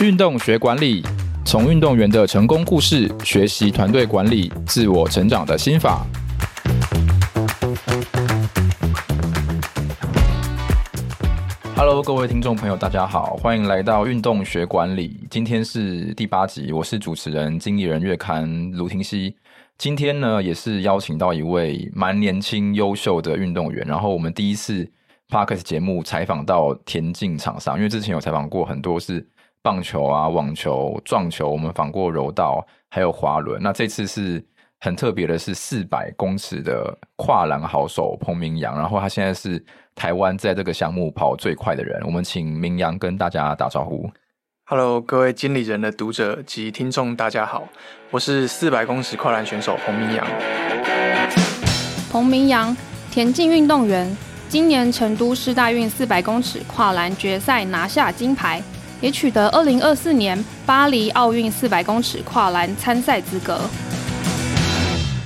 運動學管理，從運動員的成功故事學習團隊管理、自我成長的心法。Hello，各位聽眾朋友，大家好，歡迎來到運動學管理。今天是第八集，我是主持人、經理人月刊盧廷羲。今天呢，也是邀請到一位蠻年輕、優秀的運動員。然後我們第一次 Podcast 節目採訪到田徑場上，因為之前有採訪過很多是。棒球啊，網球、撞球，我們訪過柔道，還有滑輪。那這次是很特別的，是四百公尺的跨欄好手彭名揚。然後他現在是台灣在這個項目跑最快的人。我們請名揚跟大家打招呼：“Hello，各位經理人的讀者及聽眾，大家好，我是四百公尺跨欄選手彭名揚。彭名揚，田徑運動員，今年成都世大運四百公尺跨欄決賽拿下金牌。”也取得二零二四年巴黎奧運四百公尺跨欄參賽資格。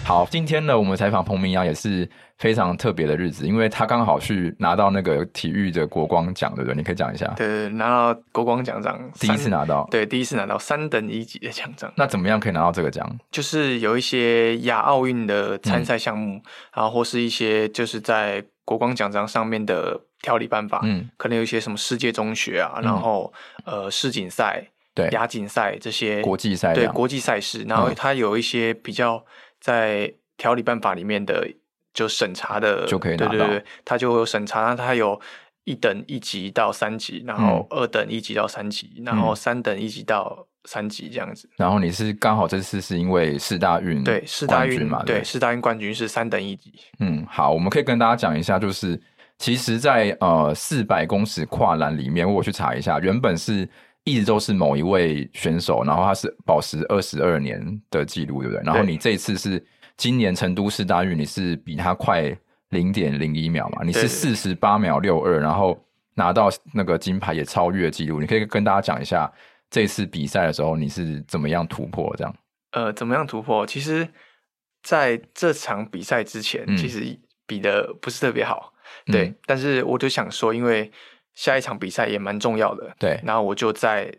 好，今天呢，我們採訪彭名揚也是非常特別的日子，因為他剛好去拿到那個體育的國光獎，對不對？你可以講一下。對，拿到國光獎章，第一次拿到。對，第一次拿到三等一級的獎章。那怎麼樣可以拿到這個獎？就是有一些亞奧運的參賽項目，嗯、然後或是一些就是在國光獎章上面的調理辦法，嗯，可能有一些什麼世界中學啊，然後呃世錦賽、對亞錦賽這些國際賽，對國際賽事，然後它有一些比較在調理辦法裡面的就審查的就可以拿到，對對對，它就有審查，它有一等一級到三級，然後二等一級到三級，然後三等一級到三級這樣子。然後你是剛好這次是因為世大運，對世大運嘛，對世大運冠軍是三等一級。嗯，好，我們可以跟大家講一下，就是。其實在，在呃四百公尺跨欄裡面，我去查一下，原本是一直都是某一位選手，然後他是保持二十二年的記錄，對不對？對。然後你這一次是今年成都世大運，你是比他快零點零一秒嘛？你是四十八秒六二對，然後拿到那個金牌也超越的記錄。你可以跟大家講一下這一次比賽的時候你是怎麼樣突破這樣？呃，怎麼樣突破？其實，在這場比賽之前，其實比的不是特別好。對，嗯、但是我就想說，因為下一場比賽也蠻重要的，對。然後我就在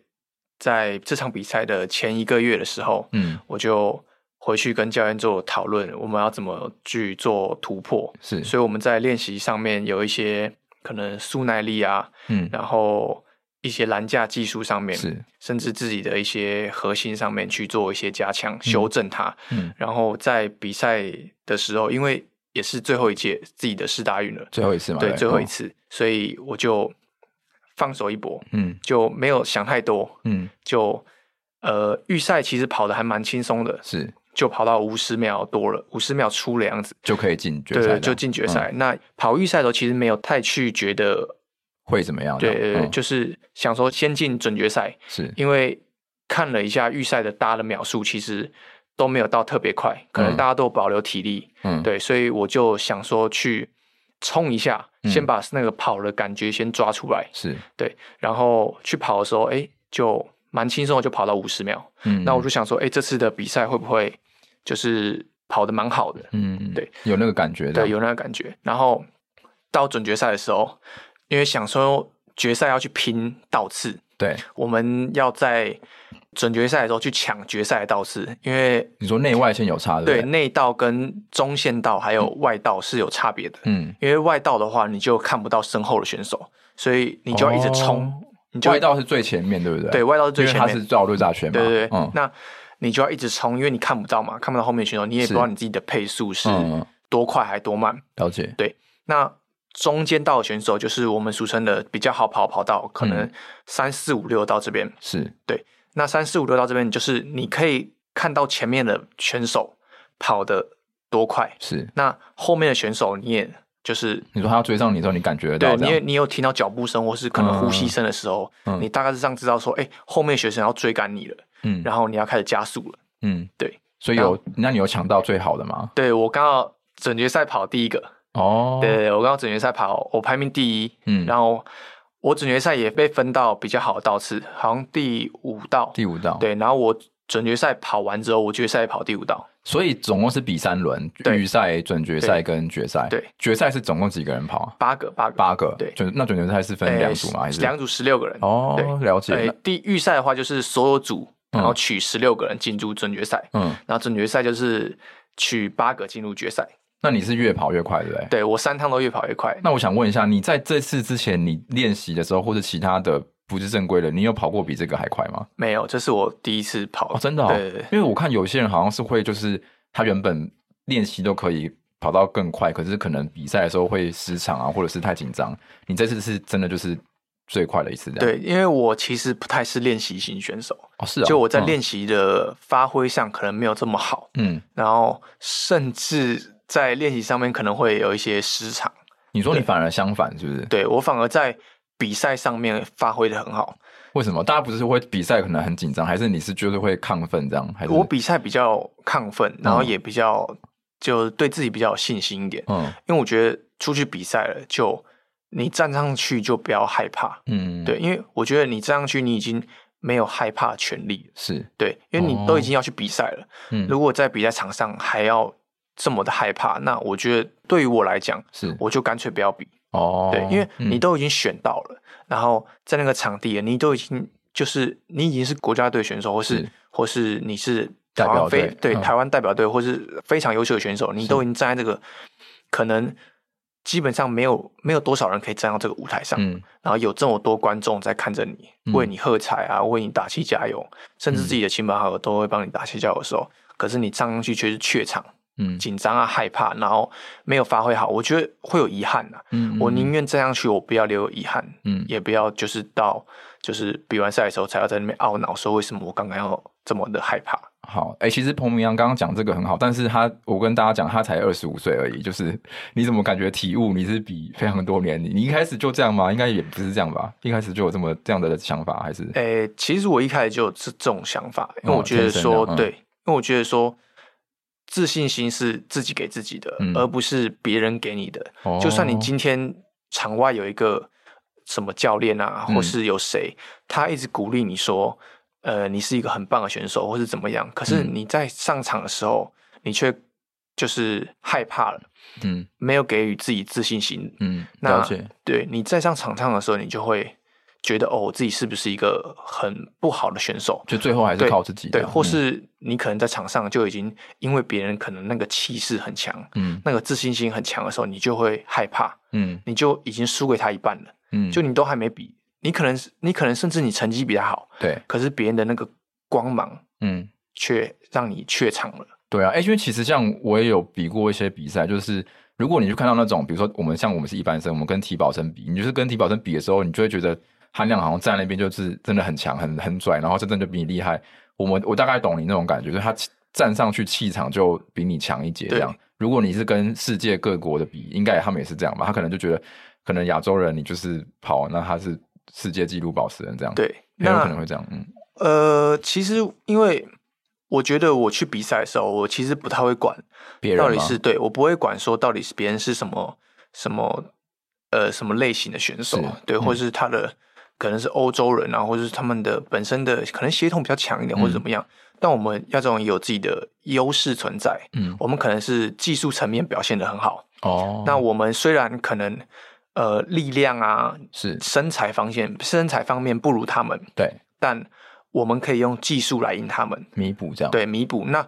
在這場比賽的前一個月的時候，嗯，我就回去跟教練做討論，我們要怎麼去做突破？是。所以我們在練習上面有一些可能速耐力啊，嗯，然後一些欄架技術上面，是，甚至自己的一些核心上面去做一些加強、嗯、修正它。嗯。然後在比賽的時候，因為。也是最後一屆自己的世大運了，最後一次嘛，對，最後一次，所以我就放手一搏，嗯，就沒有想太多，嗯，就呃預賽其實跑得還蠻輕鬆的，是，就跑到五十秒多了，五十秒出的樣子就可以進決賽，對，就進決賽。那跑預賽的時候其實沒有太去覺得會怎麼樣，對，對就是想說先進準決賽，是因為看了一下預賽的大家的秒數，其實。都沒有到特別快，可能大家都保留體力，嗯，對，所以我就想說去衝一下，嗯、先把那個跑的感覺先抓出來，是對，然後去跑的時候，哎、欸，就蠻輕鬆的，就跑到五十秒，嗯，嗯，那我就想說，哎、欸，這次的比賽會不會就是跑的蠻好的，嗯，嗯，對，有那個感覺的，對，有那個感覺，然後到準決賽的時候，因為想說決賽要去拼道次。對，我們要在準決賽的時候去搶決賽的道次，因為你說內外線有差對對，對內道跟中線道還有外道是有差別的嗯，嗯，因為外道的話你就看不到身後的選手，所以你就要一直衝，哦、你就外道是最前面對不對？對，外道是最前面，因為他是繞路大圈，對對對，嗯、那你就要一直衝，因為你看不到嘛，看不到後面的選手，你也不知道你自己的配速是多快還多慢，嗯、了解？對，那。中間道的選手就是我們俗稱的比較好跑跑道，可能三四五六道這邊是對。那三四五六道這邊，就是你可以看到前面的選手跑得多快，是那後面的選手，你也就是你說他要追上你之後，你感覺到對，你因為你有聽到腳步聲或是可能呼吸聲的時候，嗯嗯、你大概是這樣知道說，哎、欸，後面學生要追趕你了，嗯，然後你要開始加速了，嗯，對。所以有後那你有搶到最好的嗎？對我剛好總決賽跑第一個。哦，對我剛剛準決賽跑，我排名第一，嗯，然後我準決賽也被分到比較好的道次，好像第五道，第五道，對，然後我準決賽跑完之後，我決賽跑第五道，所以總共是比三輪，預賽、準決賽跟決賽，對，決賽是總共幾個人跑？八個，八個，八個，對，那準決賽是分兩組嗎？還是兩組十六個人？哦，了解。對，預賽的話就是所有組，然後取十六個人進入準決賽，嗯，然後準決賽就是取八個進入決賽。那你是越跑越快的，欸，對不對？對，我三趟都越跑越快。那我想問一下，你在這次之前，你練習的時候或者其他的不是正規的，你有跑過比這個還快嗎？沒有，這、就是我第一次跑。哦、真的、哦。對對對，因為我看有些人好像是會，就是他原本練習都可以跑到更快，可是可能比賽的時候會失常啊，或者是太緊張。你這次是真的就是最快的一次，對？因為我其實不太是練習型選手，哦，是哦。就我在練習的發揮上可能沒有這麼好，嗯，然後甚至。在練習上面可能會有一些失常。你說你反而相反是不是？對，我反而在比賽上面發揮的很好。為什麼？大家不是會比賽可能很緊張，還是你是覺得會亢奮這樣？我比賽比較亢奮，然後也比較、啊、就對自己比較有信心一點。嗯，因為我覺得出去比賽了就，就你站上去就不要害怕。嗯，對，因為我覺得你站上去，你已經沒有害怕的權利。是對，因為你都已經要去比賽了，哦。嗯，如果在比賽場上還要。這麼的害怕，那我覺得對於我來講，是我就乾脆不要比哦，對，因為你都已經選到了，然後在那個場地你都已經就是你已經是國家隊選手，或是或是你是台灣代表隊，對，台灣代表隊，或是非常優秀的選手，你都已經站在這個可能基本上沒有沒有多少人可以站到這個舞台上，然後有這麼多觀眾在看着你，為你喝彩啊，為你打氣加油，甚至自己的親朋好友都會幫你打氣加油的時候，可是你站上去卻是怯場。嗯，緊張啊，害怕，然後沒有發揮好，我覺得會有遺憾吶、啊。嗯，嗯，我寧願這樣去，我不要留有遺憾。嗯，也不要就是到就是比完賽的時候才要在那邊懊惱，說為什麼我剛剛要這麼的害怕。好，哎、欸，其實彭名揚剛剛講這個很好，但是他我跟大家講，他才二十五歲而已，就是你怎麼感覺體悟？你是比非常多年你，你一開始就這樣嗎？應該也不是這樣吧？一開始就有這麼這樣的想法還是？哎、欸，其實我一開始就有這這種想法，因為我覺得說對，因為我覺得說。自信心是自己給自己的，嗯、而不是別人給你的。哦、就算你今天場外有一個什麼教練啊，嗯、或是有誰，他一直鼓勵你說，呃，你是一個很棒的選手，或是怎麼樣。可是你在上場的時候，嗯、你卻就是害怕了，嗯，沒有給予自己自信心，嗯，那釋對你在上場上的時候，你就會。覺得哦，我自己是不是一個很不好的選手？就最後還是靠自己對。對，或是你可能在場上就已經因為別人可能那個氣勢很強，嗯，那個自信心很強的時候，你就會害怕，嗯，你就已經輸給他一半了，嗯，就你都還沒比，你可能你可能甚至你成績比他好，對，可是別人的那個光芒，嗯，卻讓你怯場了、嗯。對啊、欸，因為其實像我也有比過一些比賽，就是如果你去看到那種，比如說我們像我們是一般生，我們跟體保生比，你就是跟體保生比的時候，你就會覺得。含量好像站那邊就是真的很強，很很拽，然後真正就比你厲害。我們我大概懂你那種感覺，就是他站上去氣場就比你強一截，這樣。對如果你是跟世界各國的比，應該他們也是這樣吧？他可能就覺得，可能亞洲人你就是跑，那他是世界紀錄保持人這樣。對，有可能會這樣。那嗯，呃，其實因為我覺得我去比賽的時候，我其實不太會管別人到底是對我不會管說到底是別人是什麼什麼呃什麼類型的選手，是對，嗯、或者是他的。可能是歐洲人啊，或者是他們的本身的可能血統比較強一點，嗯、或者怎麼樣。但我們亞洲也有自己的優勢存在，嗯，我們可能是技術層面表現得很好哦。那我們雖然可能呃力量啊是身材方面，身材方面不如他們，對，但我們可以用技術來贏他們，彌補這樣對，彌補。那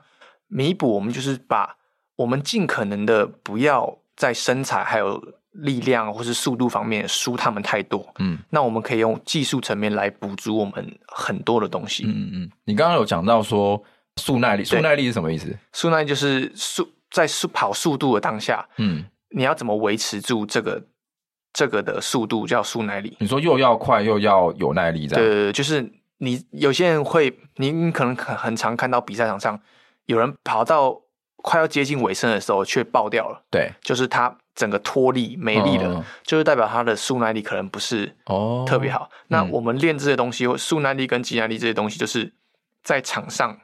彌補我們就是把我們盡可能的不要在身材還有。力量或是速度方面輸他們太多，嗯，那我們可以用技術層面來補足我們很多的東西，嗯嗯。你剛剛有講到說速耐力，嗯、速耐力是什麼意思？速耐力就是速在速跑速度的當下，嗯，你要怎麼維持住這個這個的速度叫速耐力。你說又要快又要有耐力，這樣對，就，就是你有些人會，你可能很常看到比賽場上有人跑到。快要接近尾聲的時候，卻爆掉了。對，就是它整個脫力、沒力了，哦、就是代表它的速耐力可能不是哦特別好。哦、那我們練這些東西，嗯、速耐力跟肌耐力這些東西，就是在場上，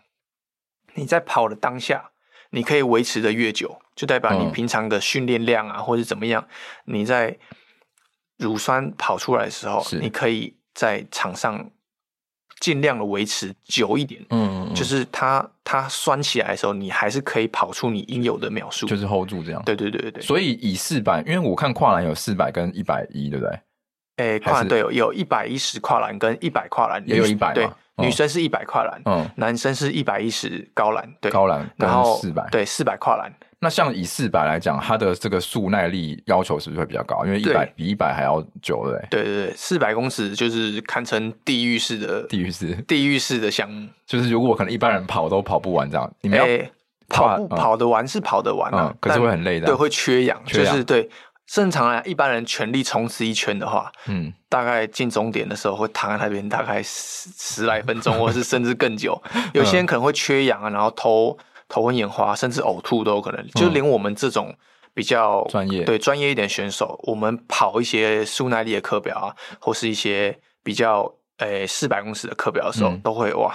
你在跑的當下，你可以維持的越久，就代表你平常的訓練量啊，哦、或者是怎麼樣，你在乳酸跑出來的時候，是你可以在場上。盡量的維持久一點，嗯，嗯，就是它它酸起來的時候，你還是可以跑出你應有的秒數，就是 hold 住這樣，對對對對對。所以以四百，因為我看跨欄有四百跟一百一，對不對？誒，跨欄，對，有有一百一十跨欄跟一百跨欄，也有一百，對，女生是一百跨欄，嗯，男生是一百一十高欄，對高欄，然後四百，對，四百跨欄。那像以四百來講，它的這個速耐力要求是不是會比較高？因為一百比一百還要久嘞。對對，四百公尺就是堪稱地獄式的地獄式地獄式的項目，就是如果可能一般人跑都跑不完這樣。誒，跑跑得完是跑得完啊，可是會很累的，對，會缺氧，缺氧就是對。正常啊，一般人全力衝刺一圈的話，嗯，大概進終點的時候會躺在那邊，大概十十來分鐘， 或是甚至更久。有些人可能會缺氧啊，然後頭頭昏眼花，甚至嘔吐都有可能。嗯、就連我們這種比較專專業對，對專業一點選手，我們跑一些速耐力的課表啊，或是一些比較誒四百公尺的課表的時候，嗯、都會哇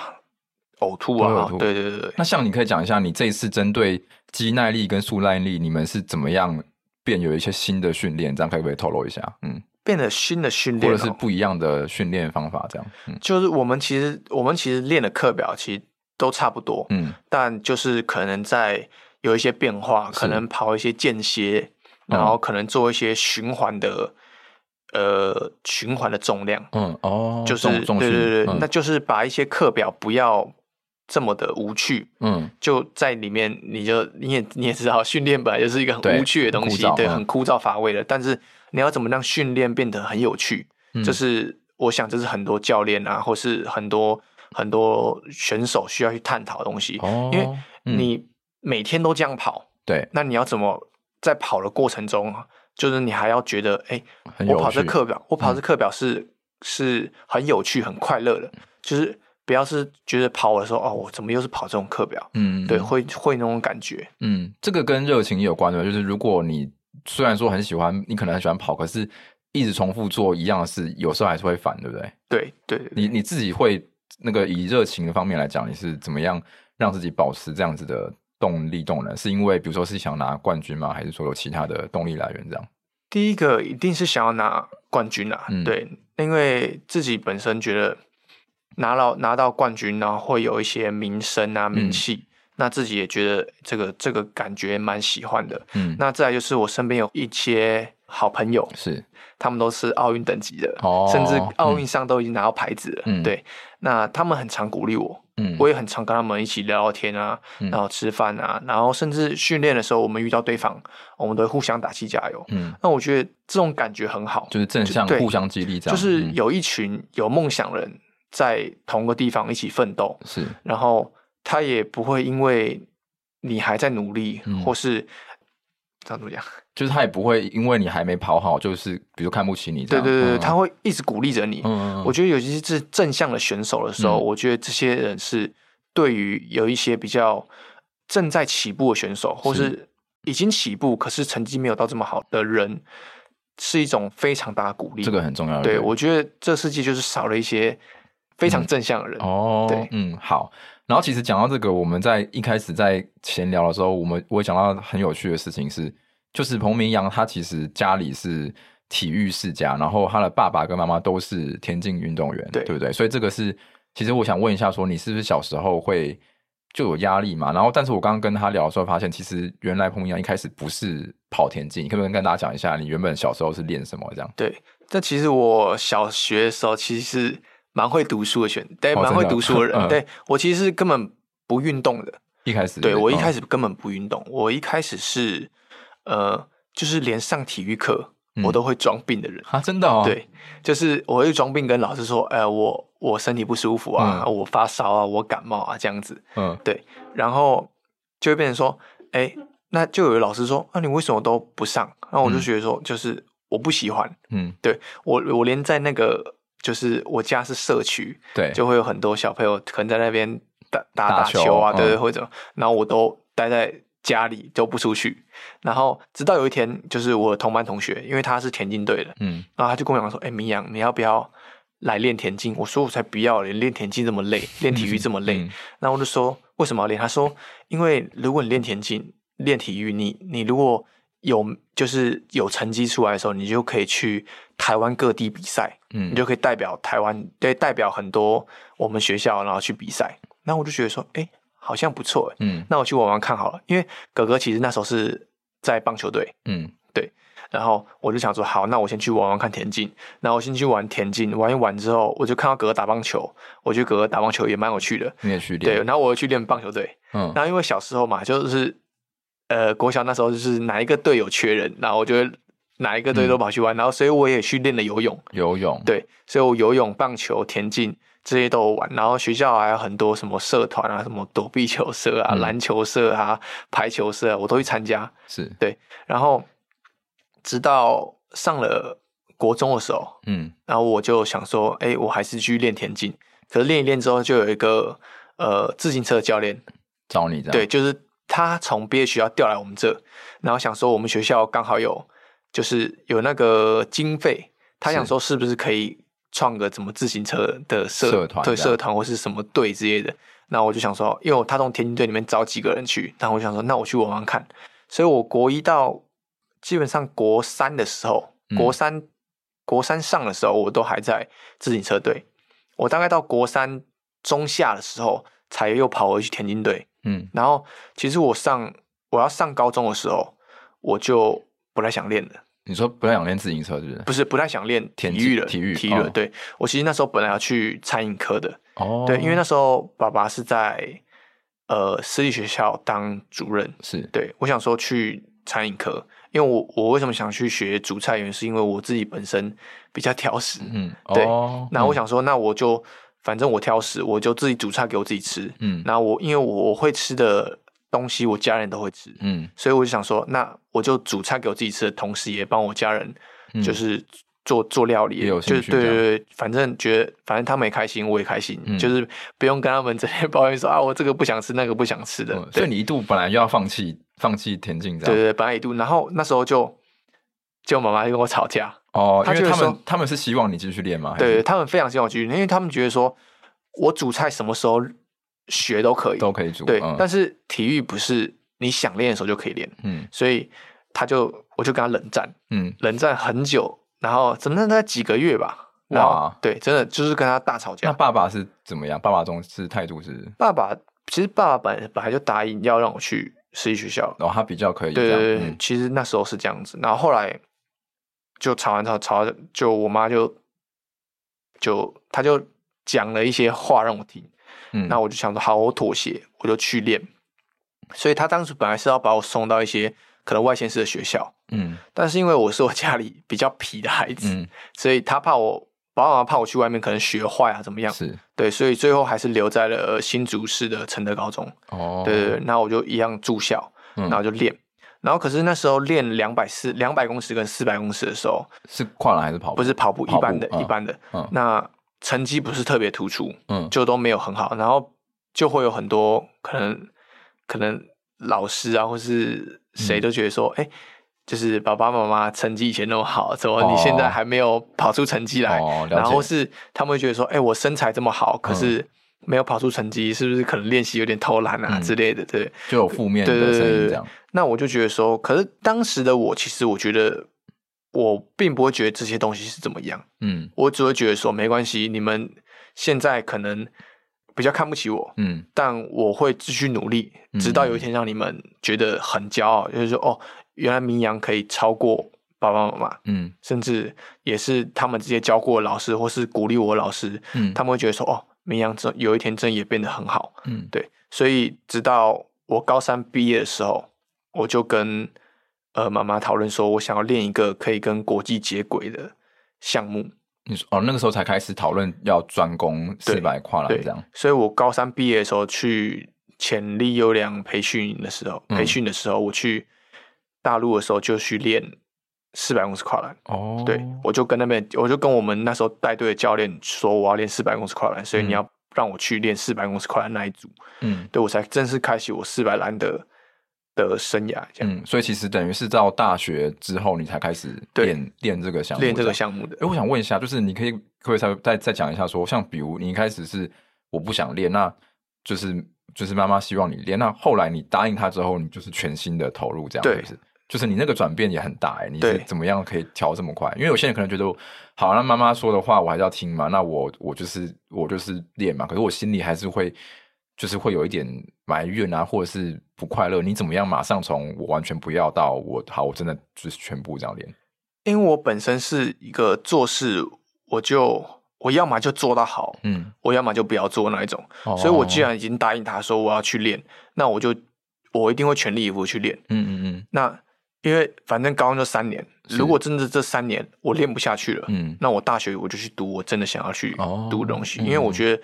嘔吐啊，嘔吐對對對。對那像你可以講一下，你這一次針對肌耐力跟速耐力，你們是怎麼樣？變有一些新的訓練，這樣可以不可以透露一下？嗯，變得新的訓練、喔，或者是不一樣的訓練方法，這樣。嗯，就是我們其實我們其實練的課表其實都差不多，嗯，但就是可能在有一些變化，是可能跑一些間歇，然後可能做一些循環的，嗯、呃，循環的重量，嗯，哦，就是重心對對對，嗯、那就是把一些課表不要，這麼的無趣，嗯，就在裡面你，你就你也你也知道，訓練本來就是一個很無趣的東西，對，對，很枯燥乏味的。嗯，但是你要怎麼讓訓練變得很有趣，嗯，就是我想，這是很多教練啊，或是很多很多選手需要去探討的東西。哦，因為你每天都這樣跑，對、嗯，那你要怎麼在跑的過程中，對，就是你還要覺得，哎、欸，我跑這課表，我跑這課表是、嗯、是、是很有趣、很快樂的，就是。不要是覺得跑的時候哦，我怎麼又是跑這種課表？嗯，對，會會那種感覺。嗯，這個跟熱情也有關的，就是如果你雖然說很喜歡，你可能很喜歡跑，可是一直重複做一樣的事，有時候還是會煩，對不對？對，對對，你你自己會那個以熱情的方面來講，你是怎麼樣讓自己保持這樣子的動力、動能？是因為比如說，是想拿冠軍嗎？還是說有其他的動力來源？這樣，第一個一定是想要拿冠軍啊！嗯、對，因為自己本身覺得。拿到拿到冠軍，然後會有一些名聲啊名氣，那自己也覺得這個這個感覺蠻喜歡的。嗯，那再就是我身邊有一些好朋友，是他們都是奧運等級的，哦，甚至奧運上都已經拿到牌子了。對，那他們很常鼓勵我，嗯，我也很常跟他們一起聊聊天啊，然後吃飯啊，然後甚至訓練的時候我們遇到對方，我們都會互相打氣加油。嗯，那我覺得這種感覺很好，就是正向互相激勵，這樣就是有一群有夢想人。在同個地方一起奮鬥是，然後他也不會因為你還在努力，嗯、或是怎麼怎麼樣，就是他也不會因為你還沒跑好，就是比如看不起你。對對對、嗯、他會一直鼓勵着你。嗯嗯嗯，我覺得有一些是正向的選手的時候，嗯、我覺得這些人是對於有一些比較正在起步的選手，是或是已經起步可是成績沒有到這麼好的人，是一種非常大的鼓勵。這個很重要。對，對，我覺得這世界就是少了一些。非常正向的人，嗯、哦，對，嗯，好。然後其實講到這個，我們在一開始在閒聊的時候，我們我也講到很有趣的事情是，就是彭名揚他其實家裡是體育世家，然後他的爸爸跟媽媽都是田徑運動員，對，對不對？所以這個是，其實我想問一下說，說你是不是小時候會就有壓力嘛？然後，但是我剛剛跟他聊的時候，發現其實原來彭名揚一開始不是跑田徑，你可不可以跟大家講一下，你原本小時候是練什麼這樣？對，這其實我小學的時候其實。蠻會讀書的選對，蠻會讀書的人，對。我其實是根本不運動的。一開始，對，我一開始根本不運動，我一開始是，呃，就是連上體育課我都會裝病的人啊。真的哦？對，就是我會裝病跟老師說，哎，我我身體不舒服啊，我發燒啊，我感冒啊這樣子，嗯，對，然後就會變成說，哎，那就有老師說，啊，你為什麼都不上？然後我就覺得說，就是我不喜歡，嗯，對。我我連在那個就是我家是社區，對，就會有很多小朋友可能在那邊打打打球啊，球，對，或者，嗯，然後我都待在家裡，都不出去。然後直到有一天，就是我同班同學，因為他是田徑隊的，嗯，然後他就跟我講說：“哎、欸，名揚，你要不要來練田徑？”我說：“我才不要嘞，練田徑這麼累，練體育這麼累。嗯”然後我就說：“為什麼要練？”他說：“因為如果你練田徑、練體育，你你如果……”有就是有成績出來的時候，你就可以去台灣各地比賽，嗯，你就可以代表台灣，對，代表很多我們學校，然後去比賽。那我就覺得說，哎、欸，好像不錯，嗯。那我去玩玩看好了，因為哥哥其實那時候是在棒球隊，嗯，對。然後我就想說，好，那我先去玩玩看田徑。然後我先去玩田徑，玩一玩之後，我就看到哥哥打棒球，我覺得哥哥打棒球也蠻有趣的，你也去練，對。然後我又去練棒球隊，嗯。然後因為小時候嘛，就是。呃，國小那時候就是哪一個隊友缺人，然後我就哪一個隊都跑去玩，嗯、然後所以我也去練了游泳、游泳，對，所以我游泳、棒球、田徑這些都有玩，然後學校還有很多什麼社團啊，什麼躲避球社啊、籃球社啊、嗯、排球社啊，我都去參加，是對，然後直到上了國中的時候，嗯，然後我就想說，哎、欸，我還是去練田徑。可是練一練之後，就有一個呃自行車教練找你這樣，對，就是。他從畢業學校調來我們這，然後想說我們學校剛好有，就是有那個經費，是他想說是不是可以創個什麼自行車的社團對，社團或是什麼隊之類的。那我就想說，因為他從田徑隊裡面找幾個人去，那我就想說，那我去玩玩看。所以，我國一到基本上國三的時候，國三、嗯、國三上的時候，我都還在自行車隊。我大概到國三中下的時候，才又跑回去田徑隊。嗯，然後其實我上我要上高中的時候，我就不太想練了。你說不太想練自行車是不是？不是，不太想練體育了。體育，體育，對，我其實那時候本來要去餐飲科的。哦。對，因為那時候爸爸是在呃私立學校當主任，是對。我想說去餐飲科，因為我我為什麼想去學煮菜，原因是因為我自己本身比較挑食。嗯。對。那、哦、我想說，嗯、那我就。反正我挑食，我就自己煮菜給我自己吃。嗯，那我因為我會吃的東西，我家人都會吃。嗯，所以我就想說，那我就煮菜給我自己吃的同時，也幫我家人就是做、嗯、做料理。有興趣。就是對對對，反正覺得反正他們也開心，我也開心，嗯、就是不用跟他們整天抱怨說啊，我這個不想吃，那個不想吃的。就、哦、對你一度本來又要放棄放棄田徑，對，對對，本來一度，然後那時候就就媽媽就跟我吵架。哦，因為他們他們是希望你繼續練嘛？對，他們非常希望我繼續練，因為他們覺得說，我煮菜什麼時候學都可以，都可以煮。對，但是體育不是你想練的時候就可以練。嗯，所以他就我就跟他冷戰，嗯，冷戰很久，然後整整在幾個月吧，哇，對，真的就是跟他大吵架。那爸爸是怎麼樣？爸爸總是態度是？爸爸其實爸爸本來就答應要讓我去實習學校，然後他比較可以。對對，其實那時候是這樣子，然後後來。就吵完吵吵完，就我媽就就她就講了一些話讓我聽，嗯，那我就想說好，好，我妥協，我就去練。所以她當時本來是要把我送到一些可能外縣市的學校，嗯，但是因為我是我家裡比較皮的孩子，嗯，所以他怕我，爸爸媽媽怕我去外面可能學壞啊，怎麼樣？是對，所以最後還是留在了新竹市的成德高中。哦，對對，那我就一樣住校，嗯，然後就練。然後可是那時候練兩百四、兩百公尺跟四百公尺的時候，是跨欄還是跑步？不是跑步，一般的一般的。那成績不是特別突出，嗯、就都沒有很好。然後就會有很多可能，可能老師啊或是誰都覺得說，哎、嗯欸，就是爸爸媽媽成績以前那麼好，怎麼你現在還沒有跑出成績來？哦哦、然後是他們會覺得說，哎、欸，我身材這麼好，可是。嗯沒有跑出成績，是不是可能練習有點偷懶啊、嗯、之類的？對，就有負面的聲音這樣。對，那我就覺得說，可是當時的我，其實我覺得我並不會覺得這些東西是怎麼樣。嗯，我只會覺得說，沒關係，你們現在可能比較看不起我，嗯，但我會繼續努力，嗯、直到有一天讓你們覺得很驕傲，嗯、就是說，哦，原來名揚可以超過爸爸媽媽，嗯，甚至也是他們直接教過老師或是鼓勵我老師，嗯，他們會覺得說，哦。綿陽這有一天，真的也變得很好。嗯，對，所以直到我高三畢業的時候，我就跟呃媽媽討論說，我想要練一個可以跟國際接軌的項目。你說哦，那個時候才開始討論要專攻四百跨欄這樣。所以我高三畢業的時候去潛力優良培訓的時候，培訓的時候我去大陸的時候就去練。四百公尺跨欄哦，oh. 對，我就跟那邊，我就跟我們那時候帶隊的教練說，我要練四百公尺跨欄，所以你要讓我去練四百公尺跨欄那一組。嗯，對，我才正式開始我四百欄的的生涯，嗯，所以其實等於是到大學之後，你才開始練練對這個項目，練這個項目的。哎、欸，我想問一下，就是你可以可不可以再再再講一下說，說像比如你一開始是我不想練，那就是就是媽媽希望你練，那後來你答應她之後，你就是全心的投入這樣子對。就是你那個轉變也很大，哎、欸，你是怎麼樣可以調這麼快？對因為有些人可能覺得，好，那媽媽說的話我還是要聽嘛，那我我就是我就是練嘛。可是我心裡還是會就是會有一點埋怨啊，或者是不快樂。你怎麼樣馬上從我完全不要到我好，我真的就是全部這樣練。因為我本身是一個做事，我就我要麼就做到好，嗯，我要麼就、嗯、就不要做那一種。哦哦，所以我既然已經答應他說我要去練，那我就我一定會全力以赴去練。嗯嗯嗯，那。因為反正高中就三年，是如果真的這三年我練不下去了，嗯、那我大學我就去讀我真的想要去讀的東西。哦嗯、因為我覺得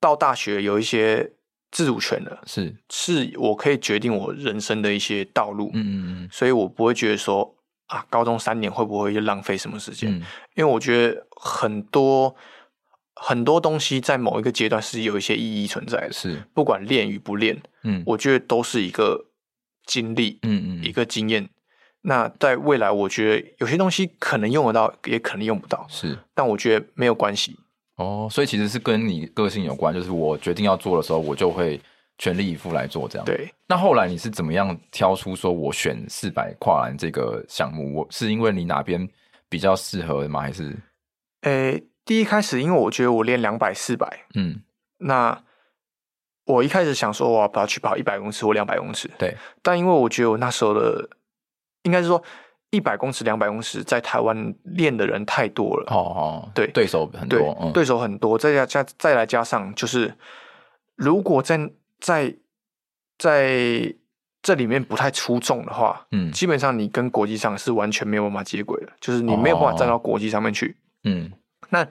到大學有一些自主權了，是，是我可以決定我人生的一些道路，嗯嗯嗯。所以我不會覺得說啊，高中三年會不會浪費什麼時間？嗯、因為我覺得很多很多東西在某一個階段是有一些意義存在的，是，不管練與不練，嗯，我覺得都是一個。經歷，精力嗯嗯，一個經驗。那在未來，我覺得有些東西可能用得到，也可能用不到。是，但我覺得沒有關係。哦，所以其實是跟你個性有關。就是我決定要做的時候，我就會全力以赴來做。這樣。對。那後來你是怎麼樣挑出說我選四百跨欄這個項目？我是因為你哪邊比較適合的嗎？還是？誒、欸，第一開始，因為我覺得我練兩百、四百，嗯，那。我一開始想說，我要跑去跑一百公尺或兩百公尺。對，但因為我覺得我那時候的，應該是說一百公尺、兩百公尺，在台灣練的人太多了。哦、oh, oh, 對，對手很多，對，嗯、對手很多。再加再來加上，就是如果在在在這裡面不太出眾的話，嗯，基本上你跟國際上是完全沒有辦法接軌的，就是你沒有辦法站到國際上面去。Oh, oh, oh. 嗯，那。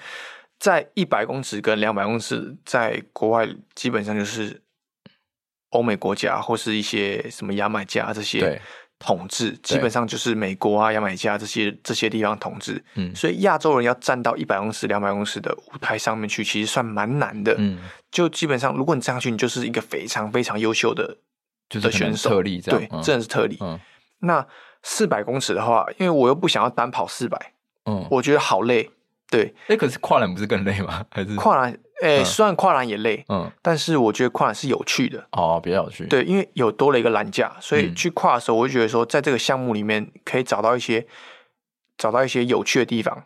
在一百公尺跟兩百公尺，在國外基本上就是歐美國家，或是一些什麼牙買加這些統治，基本上就是美國啊、牙買加這些這些地方統治。嗯，所以亞洲人要站到一百公尺、兩百公尺的舞台上面去，其實算蠻難的。嗯，就基本上，如果你站上去，你就是一個非常非常優秀的，就是選手。特例，這樣，對，嗯，真的是特例。嗯，那四百公尺的話，因為我又不想要單跑四百，嗯，我覺得好累。對，哎、欸，可是跨欄不是更累嗎？還是跨欄，哎、欸，雖然跨欄也累，嗯，但是我覺得跨欄是有趣的，哦，比較有趣。對，因為有多了一個欄架，所以去跨的時候，我就覺得說，在這個項目裡面可以找到一些，找到一些有趣的地方，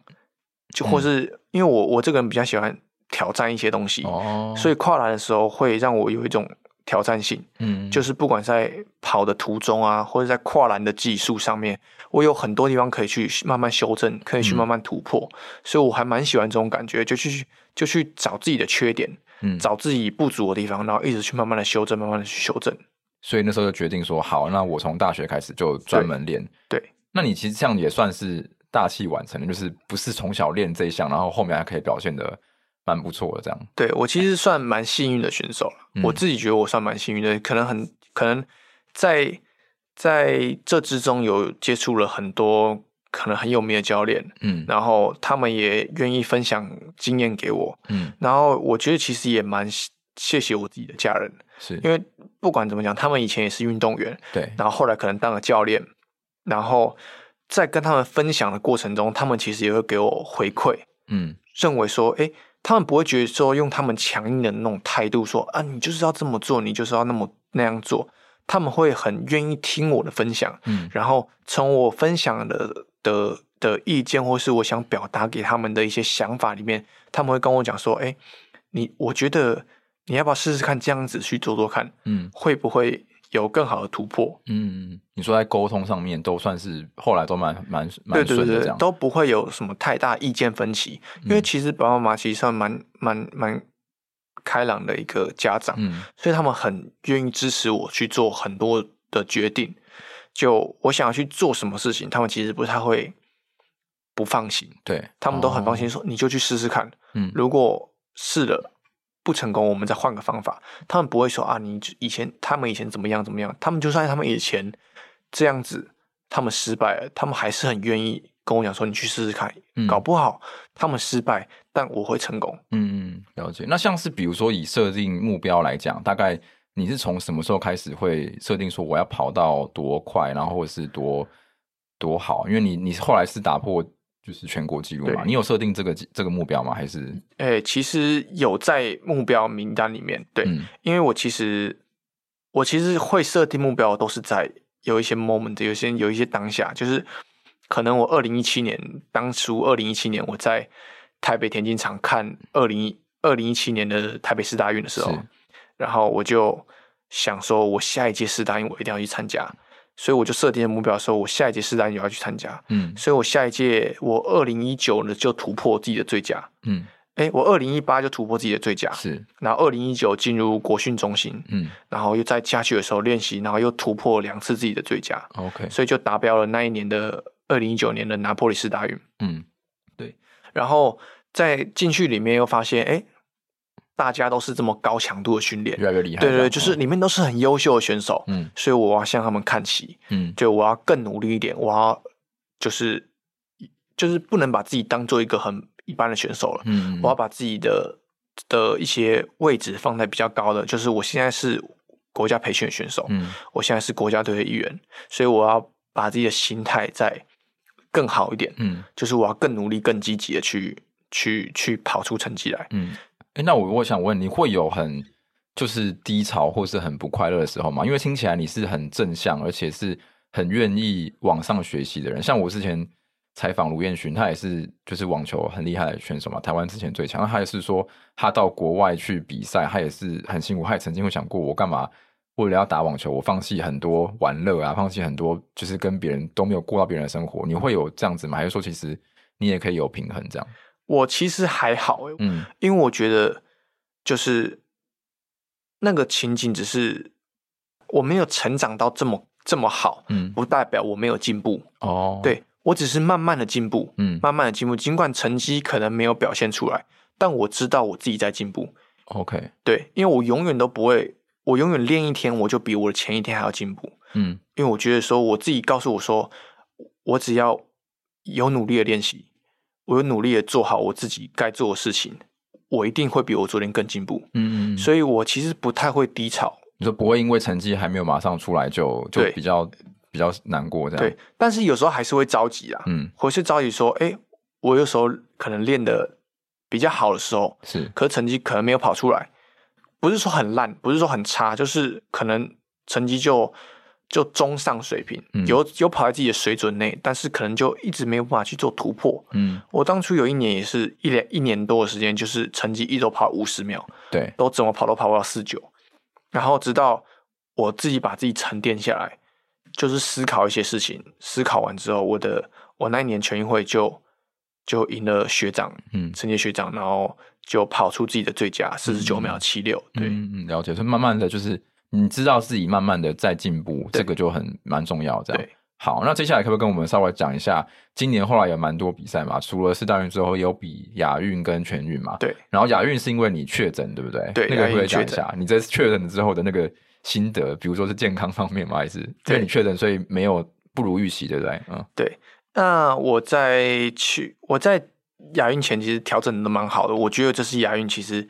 就或是、嗯、因為我我這個人比較喜歡挑戰一些東西，哦，所以跨欄的時候會讓我有一種。挑戰性，嗯，就是不管在跑的途中啊，或者在跨欄的技術上面，我有很多地方可以去慢慢修正，可以去慢慢突破，嗯，所以我還蠻喜歡這種感覺，就去就去找自己的缺點，嗯，找自己不足的地方，然後一直去慢慢的修正，慢慢的去修正，所以那時候就決定說，好，那我從大學開始就專門練，對，那你其實這樣也算是大器晚成，就是不是從小練這一項，然後後面還可以表現的。蠻不錯的，這樣對我其實算蠻幸運的選手，嗯，我自己覺得我算蠻幸運的，可能很可能在在這之中有接觸了很多可能很有名的教練，嗯，然後他們也願意分享經驗給我，嗯，然後我覺得其實也蠻謝謝我自己的家人，是因為不管怎麼講，他們以前也是運動員，對，然後後來可能當了教練，然後在跟他們分享的過程中，他們其實也會給我回饋，嗯，認為說，哎、欸。他們不會覺得說，用他們強硬的那種態度說啊，你就是要這麼做，你就是要那麼那樣做。他們會很願意聽我的分享，嗯，然後從我分享的的的意見或是我想表達給他們的一些想法裡面，他們會跟我講說，欸，你我覺得你要不要試試看這樣子去做做看，嗯，會不會？有更好的突破。嗯，你說在溝通上面都算是後來都蠻蠻蠻順的這樣。對對對，都不會有什麼太大意見分歧。嗯，因為其實爸爸媽媽其實算蠻蠻蠻開朗的一個家長，嗯，所以他們很願意支持我去做很多的決定。就我想要去做什麼事情，他們其實不太會不放心。對，他們都很放心說，說、哦、你就去試試看。嗯，如果試了。不成功，我們再換個方法。他們不會說啊，你以前他們以前怎麼樣怎麼樣？他們就算他們以前這樣子，他們失敗了，他們還是很願意跟我講說，你去試試看。搞不好他們失敗，但我會成功。嗯嗯，了解。那像是比如說以設定目標來講，大概你是從什麼時候開始會設定說我要跑到多快，然後或者是多多好？因為你你後來是打破，就是全國紀錄嘛？對你有設定這個這個目標嗎？還是？哎、欸，其實有在目標名單裡面。對，嗯、因為我其實我其實會設定目標，都是在有一些 moment，有些有一些當下，就是可能我二零一七年當初二零一七年我在台北田徑場看二零二零一七年的台北世大運的時候，是然後我就想說，我下一屆世大運我一定要去參加。所以我就設定了目標的時候，我下一屆世大運要去參加。嗯，所以我下一屆我二零一九呢就突破自己的最佳。嗯，哎、欸，我二零一八就突破自己的最佳。是，然後二零一九進入國訓中心。嗯，然後又在下去的時候練習，然後又突破兩次自己的最佳。OK，所以就達標了那一年的二零一九年的拿破里世大運。嗯，對。然後在進去裡面又發現，哎、欸。大家都是這麼高強度的訓練，越來越厲害。對對，就是裡面都是很優秀的選手，嗯，所以我要向他們看齊，嗯，就我要更努力一點，我要就是就是不能把自己當做一個很一般的選手了，嗯，我要把自己的的一些位置放在比較高的，就是我現在是國家培訓的選手，嗯，我現在是國家隊的一員，所以我要把自己的心態再更好一點，嗯，就是我要更努力、更積極的去去去跑出成績來，嗯。哎，那我我想問你，你會有很就是低潮或是很不快樂的時候嗎？因為聽起來你是很正向，而且是很願意往上學習的人。像我之前採訪盧彥勳，他也是就是網球很厲害的選手嘛，台灣之前最強。他也是說，他到國外去比賽，他也是很辛苦。他也曾經會想過，我幹嘛為了要打網球，我放棄很多玩樂啊，放棄很多就是跟別人都沒有過到別人的生活。你會有這樣子嗎？還是說其實你也可以有平衡這樣？我其實還好，欸，嗯，因為我覺得就是那個情景，只是我沒有成長到這麼這麼好，嗯，不代表我沒有進步哦。對，我只是慢慢的進步，嗯，慢慢的進步，儘管成績可能沒有表現出來，但我知道我自己在進步。OK，對，因為我永遠都不會，我永遠練一天，我就比我的前一天還要進步，嗯，因為我覺得說我自己告訴我說，我只要有努力的練習。我有努力的做好我自己該做的事情，我一定會比我昨天更進步。嗯，嗯，所以我其實不太會低潮。你說不會因為成績還沒有馬上出來就就比較對比較難過這樣？對，但是有時候還是會着急啊。嗯，或是着急說，哎，欸，我有時候可能練得比較好的時候是，可是成績可能沒有跑出來，不是說很爛，不是說很差，就是可能成績就。就中上水平，嗯，有有跑在自己的水準內，但是可能就一直沒有辦法去做突破。嗯，我當初有一年也是一年一年多的時間，就是成績一直跑五十秒，對，都怎麼跑都跑不到四九。然後直到我自己把自己沉澱下來，就是思考一些事情，思考完之後，我的我那一年全運會就就贏了學長，嗯，陳傑學長，然後就跑出自己的最佳四十九秒七六，嗯。對，嗯，嗯，了解，所以慢慢的就是。你知道自己慢慢的在進步，對這個就很蠻重要，這樣對好，那接下來可不可以跟我們稍微講一下，今年後來有蠻多比賽嘛？除了世大運之後有比亞運跟全運嘛？對。然後亞運是因為你確診，對不對？對。那個可以講一下，你這次確診之後的那個心得，比如說是健康方面嘛，還是對因為你確診，所以沒有不如預期，對不對？嗯，對。那我在去我在亞運前其實調整的蠻好的，我覺得這是亞運其實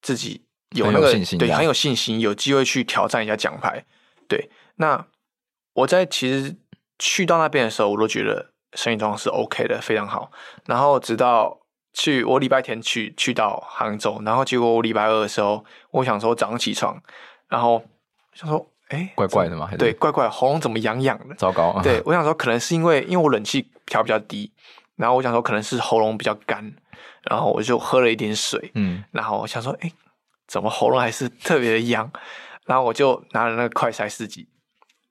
自己。有那個很有信心，對，很有信心，有機會去挑戰一下獎牌。對，那我在其實去到那邊的時候，我都覺得身體狀況是 OK 的，非常好。然後直到去我禮拜天去去到杭州，然後結果我禮拜二的時候，我想說早上起床，然後想說，哎、欸，怪怪的嗎？對，怪怪，喉嚨怎麼癢癢的？糟糕！對，我想說可能是因為因為我冷氣調比較低，然後我想說可能是喉嚨比較乾，然後我就喝了一點水，嗯，然後我想說，哎、欸。怎麼喉嚨還是特別的癢，然後我就拿了那個快篩試劑，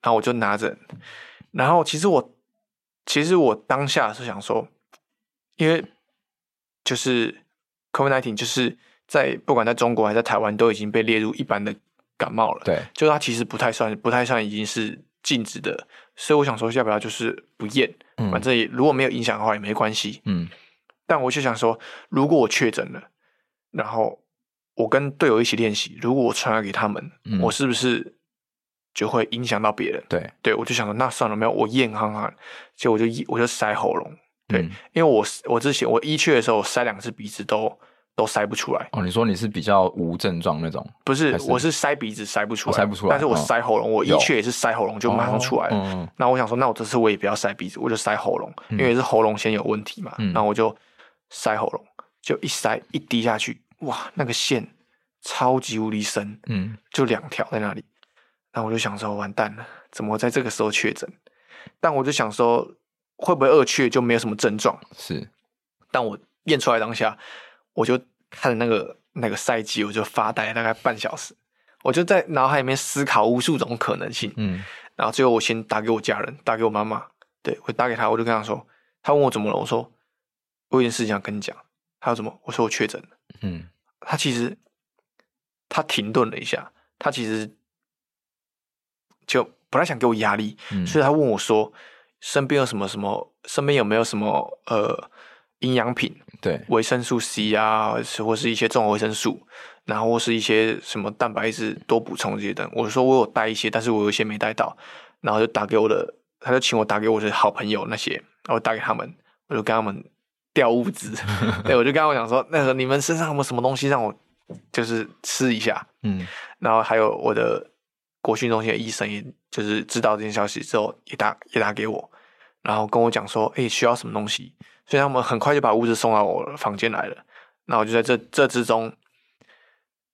然後我就拿着，然後其實我，其實我當下是想說，因為就是 COVID-19，就是在不管在中國還是在台灣，都已經被列入一般的感冒了。對，就是它其實不太算，不太算已經是禁止的，所以我想說要不要就是不驗，反正也如果沒有影響的話也沒關係。嗯，但我就想說，如果我確診了，然後。我跟隊友一起練習，如果我傳染給他們，我是不是就會影響到別人？對，對我就想說，那算了，沒有，我驗看看，所以我就一我就塞喉嚨，對，因為我我之前我一去的時候塞兩次鼻子都都塞不出來哦。你說你是比較無症狀那種？不是，我是塞鼻子塞不出來，塞不出來，但是我塞喉嚨，我一去也是塞喉嚨就馬上出來了。那我想說，那我這次我也不要塞鼻子，我就塞喉嚨，因為是喉嚨先有問題嘛。那我就塞喉嚨，就一塞一滴下去。哇，那個線超級無敵深，嗯，就兩條在那裡。那我就想說，完蛋了，怎麼在這個時候確診？但我就想說，會不會二確就沒有什麼症狀？是。但我驗出來當下，我就看着那個那個篩劑我就發呆了大概半小時。我就在腦海裡面思考無數種可能性，嗯。然後最後我先打給我家人，打給我媽媽，對，我打給她，我就跟她說，她問我怎麼了，我說我有件事情想跟你講。她要怎麼？我說我確診了。嗯，他其實他停頓了一下，他其實就不太想給我壓力，嗯，所以他問我說：“身邊有什麼什麼？身邊有沒有什麼呃營養品？對，維生素 C 啊，或是一些綜合維生素，然後或是一些什麼蛋白質多補充這些等等。”我說：“我有帶一些，但是我有些沒帶到。”然後就打給我的，他就請我打給我的好朋友那些，然後我打給他們，我就跟他們。掉物資， 對，我就跟他們講說，那個時候，你們身上有沒有什麼東西讓我就是吃一下？嗯，然後還有我的國訓中心的醫生也就是知道這件消息之後，也打也打給我，然後跟我講說，哎、欸，需要什麼東西？所以他們很快就把物資送到我房間來了。那我就在這這之中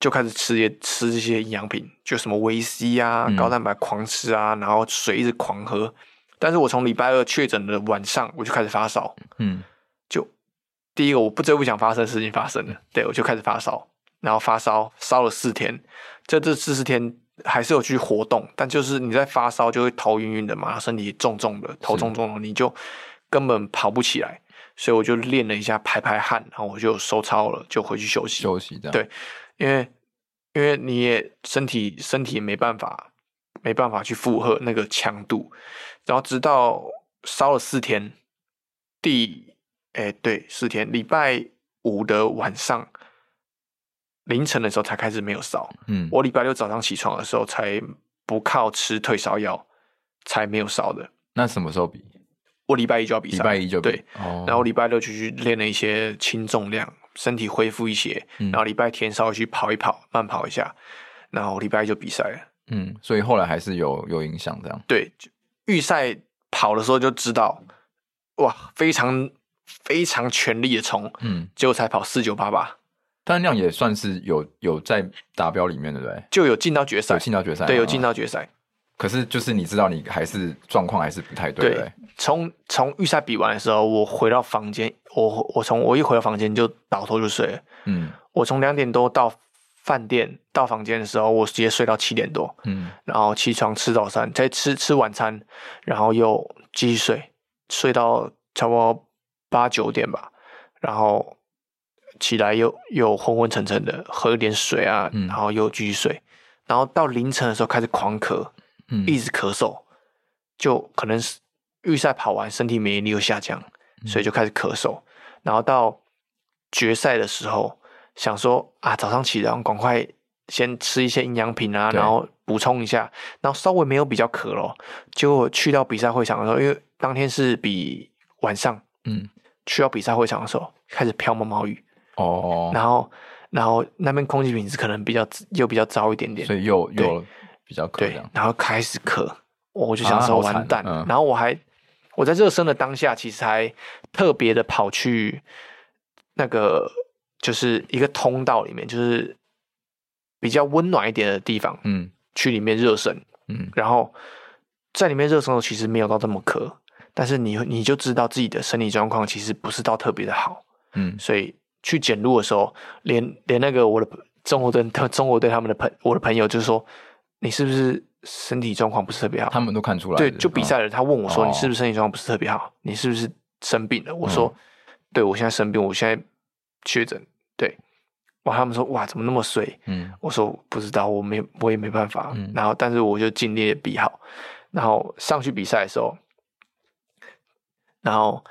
就開始吃一些吃一些營養品，就什麼維 C 啊、嗯、高蛋白狂吃啊，然後水一直狂喝。但是我從禮拜二確診的晚上，我就開始發燒，嗯。第一個，我不最不想發生的事情發生了，對，我就開始發燒，然後發燒燒了四天，這這四四天還是有去活動，但就是你在發燒就會頭暈暈的嘛，身體重重的，頭重重的，你就根本跑不起來，所以我就練了一下排排汗，然後我就收操了，就回去休息休息。對，因為因為你也身體身體沒辦法沒辦法去負荷那個強度，然後直到燒了四天，第。哎，對，四天，禮拜五的晚上凌晨的時候才開始沒有燒，嗯，我禮拜六早上起床的時候才不靠吃退燒藥才沒有燒的。那什麼時候比？我禮拜一就要比賽，禮拜一就比，對，哦、然後禮拜六就去練了一些輕重量，身體恢復一些，嗯、然後禮拜天稍微去跑一跑，慢跑一下，然後禮拜一就比賽了。嗯，所以後來還是有有影響這樣。對，預賽跑的時候就知道，哇，非常。非常全力的衝，嗯，結果才跑四九八八，但這樣也算是有有在達標裡面，對不對？就有進到決賽，進到決賽，對，有進到決賽。可是就是你知道，你還是狀況還是不太對，對對？從從預賽比完的時候，我回到房間，我我從我一回到房間就倒頭就睡了，嗯，我從兩點多到飯店到房間的時候，我直接睡到七點多，嗯，然後起床吃早餐，再吃吃晚餐，然後又繼續睡，睡到差不多，八九點吧，然後起來又又昏昏沉沉的，喝一點水啊，嗯、然後又繼續睡，然後到凌晨的時候開始狂咳，嗯、一直咳嗽，就可能是預賽跑完身體免疫力又下降，所以就開始咳嗽。嗯、然後到決賽的時候想說啊，早上起來趕快先吃一些營養品啊，對然後補充一下，然後稍微沒有比較渴咯，結果去到比賽會場的時候，因為當天是比晚上，嗯。去到比賽會場的時候，開始飄毛毛雨哦，然後，然後那邊空氣品質可能比較又比較糟一點點，所以又對又比較渴對。然後開始渴，我就想說，啊，完蛋。啊，然後我還我在熱身的當下，其實還特別的跑去那個就是一個通道裡面，就是比較溫暖一點的地方，嗯，去裡面熱身，嗯，然後在裡面熱身的時候，其實沒有到這麼渴。但是你你就知道自己的身體狀況其實不是到特別的好，嗯，所以去檢錄的時候，連連那個我的中國隊中國隊他們的朋我的朋友就說，你是不是身體狀況不是特別好？他們都看出來，對，就比賽了，他問我說，哦、你是不是身體狀況不是特別好？你是不是生病了？我說，嗯、對我現在生病，我現在確診。對，哇，他們說哇，怎麼那麼衰？嗯，我說我不知道，我沒我也沒辦法。嗯，然後但是我就盡力的比好，然後上去比賽的時候。然後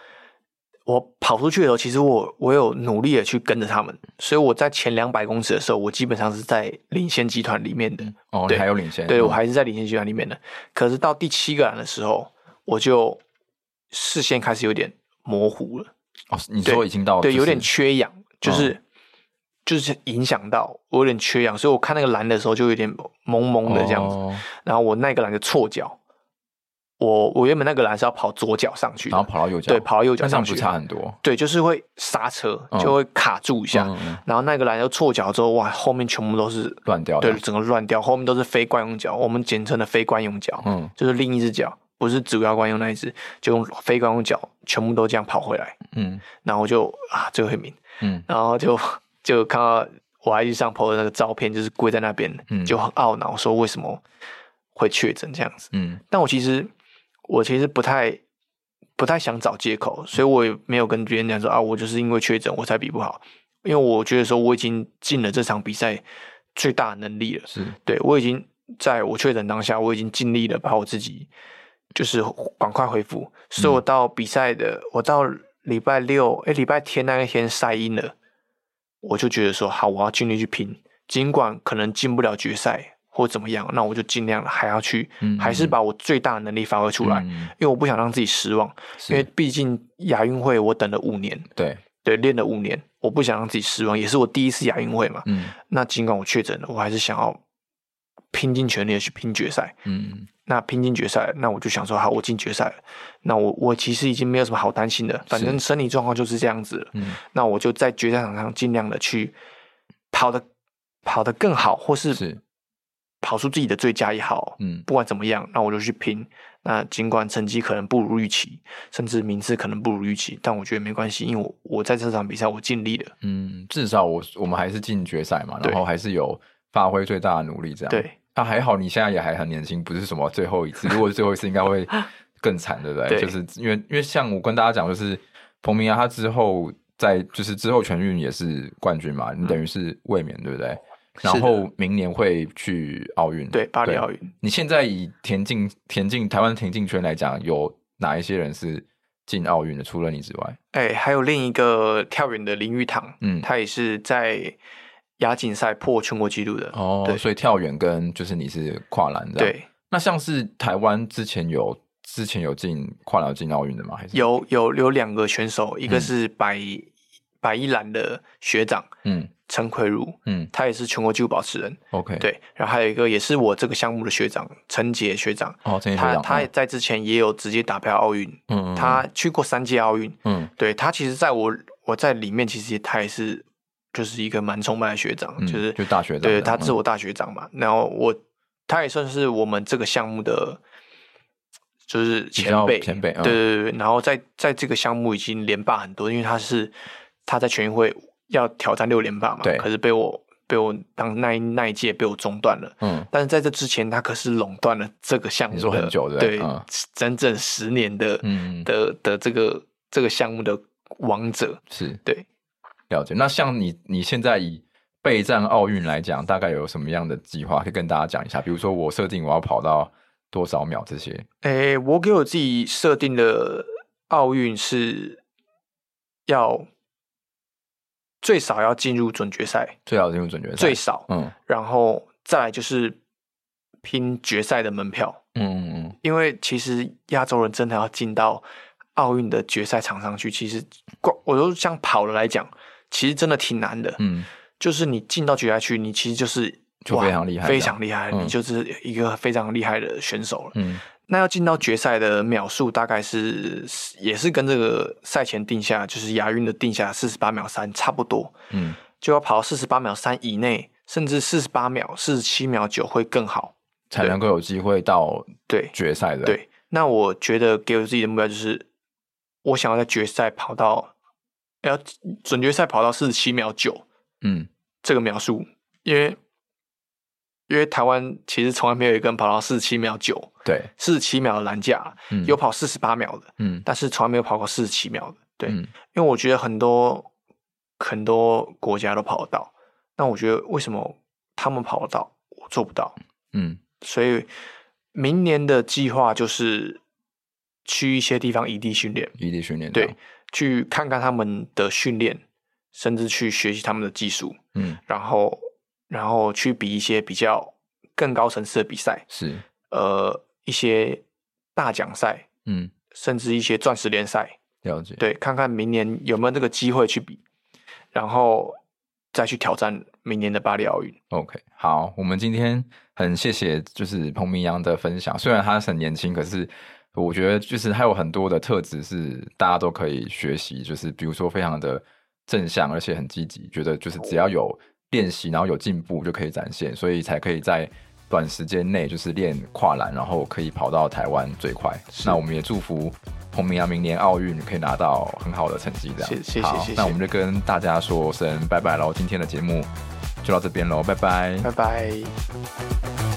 我跑出去的時候，其實我我有努力的去跟着他們，所以我在前兩百公尺的時候，我基本上是在領先集團裡面的。嗯、哦，對，還有領先？嗯、對我還是在領先集團裡面的。可是到第七個欄的時候，我就視線開始有點模糊了。哦，你說已經到了？對，有點缺氧，就是、哦、就是影響到我有點缺氧，所以我看那個欄的時候就有點蒙蒙的這樣子。哦、然後我那個欄就錯腳。我我原本那個欄是要跑左腳上去，然後跑到右腳，對，跑到右腳上去差很多，對，就是會剎車，就會卡住一下，嗯，然後那個欄又錯腳之後，哇，後面全部都是亂掉的，對，整個亂掉，後面都是非慣用腳，我們簡稱的非慣用腳，嗯，就是另一隻腳不是主要慣用那一隻，就用非慣用腳，全部都這樣跑回來，嗯，然後就啊，最後一名，嗯，然後就就看到我還一直上坡的那個照片，就是跪在那邊，嗯，就很懊惱，說為什麼會確診這樣子，嗯，但我其實。我其實不太不太想找借口，所以我也沒有跟別人講說，啊，我就是因為確診我才比不好，因為我覺得說我已經盡了這場比賽最大的能力了，是，對，我已經在我確診當下，我已經盡力的把我自己就是趕快恢復，嗯、所以我到比賽的我到禮拜六誒，禮拜天那一天賽音了，我就覺得說好，我要盡力去拼，儘管可能進不了決賽。或怎麼樣？那我就盡量了，還要去，嗯嗯、還是把我最大的能力發揮出來，嗯嗯、因為我不想讓自己失望。是因為畢竟亞運會我等了五年，對對，練了五年，我不想讓自己失望，也是我第一次亞運會嘛。嗯、那儘管我確診了，我還是想要拼盡全力的去拼決賽。嗯，那拼進決賽，那我就想說，好，我進決賽，那我我其實已經沒有什麼好擔心的，反正身體狀況就是這樣子。嗯、那我就在決賽場上盡量的去跑得跑得更好，或是，是。跑出自己的最佳也好，嗯，不管怎麼樣，那我就去拼。那儘管成績可能不如預期，甚至名次可能不如預期，但我覺得沒關係，因為我我在這場比賽我盡力了。嗯，至少我我們還是進決賽嘛，然後還是有發揮最大的努力，這樣對。那還好，你現在也還很年輕，不是什麼最後一次。如果是最後一次，應該會更慘， 對不對？對就是因為因為像我跟大家講，就是彭名揚他之後在就是之後全運也是冠軍嘛，你等於是衛冕，嗯、對不對？然後明年會去奧運，對巴黎奧運。你現在以田徑、田徑台灣田徑圈來講，有哪一些人是進奧運的？除了你之外，哎、欸，還有另一個跳遠的林玉堂，嗯，他也是在亞錦賽破全國紀錄的哦。對所以跳遠跟就是你是跨欄的，對。那像是台灣之前有之前有進跨欄進奧運的嗎？還是有有有兩個選手，一個是白。嗯百一欄的學長，嗯，陳奎儒，嗯，他也是全國紀錄保持人，嗯，OK，對，然後還有一個也是我這個項目的學長，陳傑學長，哦，陳傑他他也在之前也有直接打牌奧運，嗯，嗯，嗯他去過三屆奧運，嗯，嗯，對他其實在我我在裡面其實也他也是就是一個蠻崇拜的學長，嗯，就是就大學長。對他是我大學長嘛，嗯，然後我他也算是我們這個項目的，就是前輩前輩，對對對，然後在在這個項目已經連霸很多，因為他是。他在全運會要挑戰六連霸嘛？對。可是被我被我當那一那一屆被我中斷了。嗯。但是在這之前，他可是壟斷了這個項目。你說很久的對，對，對嗯，整整十年的，嗯的的這個這個項目的王者是。對，了解。那像你你現在以備戰奧運來講，大概有什麼樣的計劃可以跟大家講一下？比如說我設定我要跑到多少秒這些？哎、欸，我給我自己設定的奧運是要。最少要進入準決賽，最少進入準決賽，最少，嗯，然後再來就是拼決賽的門票，嗯，嗯，嗯，因為其實亞洲人真的要進到奧運的決賽場上去，其實我都像跑了來講，其實真的挺難的，嗯，就是你進到決賽區你其實就是就非常厲害，非常厲害，嗯，你就是一個非常厲害的選手嗯。那要進到決賽的秒數大概是，也是跟這個賽前定下，就是亞運的定下四十八秒三差不多，嗯，就要跑到四十八秒三以內，甚至四十八秒四十七秒九會更好，才能夠有機會到對決賽的。對，那我覺得給我自己的目標就是，我想要在決賽跑到，要準決賽跑到四十七秒九，嗯，這個秒數，因為因為台灣其實從來沒有一個人跑到四十七秒九。對，四十七秒的欄架，嗯、有跑四十八秒的，嗯，但是從來沒有跑過四十七秒的，對，嗯、因為我覺得很多很多國家都跑得到，那我覺得為什麼他們跑得到，我做不到？嗯，所以明年的計劃就是去一些地方移地訓練，移地訓練、啊，對，去看看他們的訓練，甚至去學習他們的技術，嗯，然後然後去比一些比較更高層次的比賽，是，呃。一些大獎賽，嗯，甚至一些鑽石聯賽，了解，對，看看明年有沒有這個機會去比，然後再去挑戰明年的巴黎奧運。OK，好，我們今天很謝謝就是彭名揚的分享，雖然他很年輕，可是我覺得就是他有很多的特質是大家都可以學習，就是比如說非常的正向，而且很積極，覺得就是只要有練習，然後有進步就可以展現，所以才可以在。短時間內就是練跨欄，然後可以跑到台灣最快。是那我們也祝福彭名揚、啊、明年奧運可以拿到很好的成績。這樣，好，那我們就跟大家說聲拜拜咯，然後今天的節目就到這邊咯，拜拜，拜拜。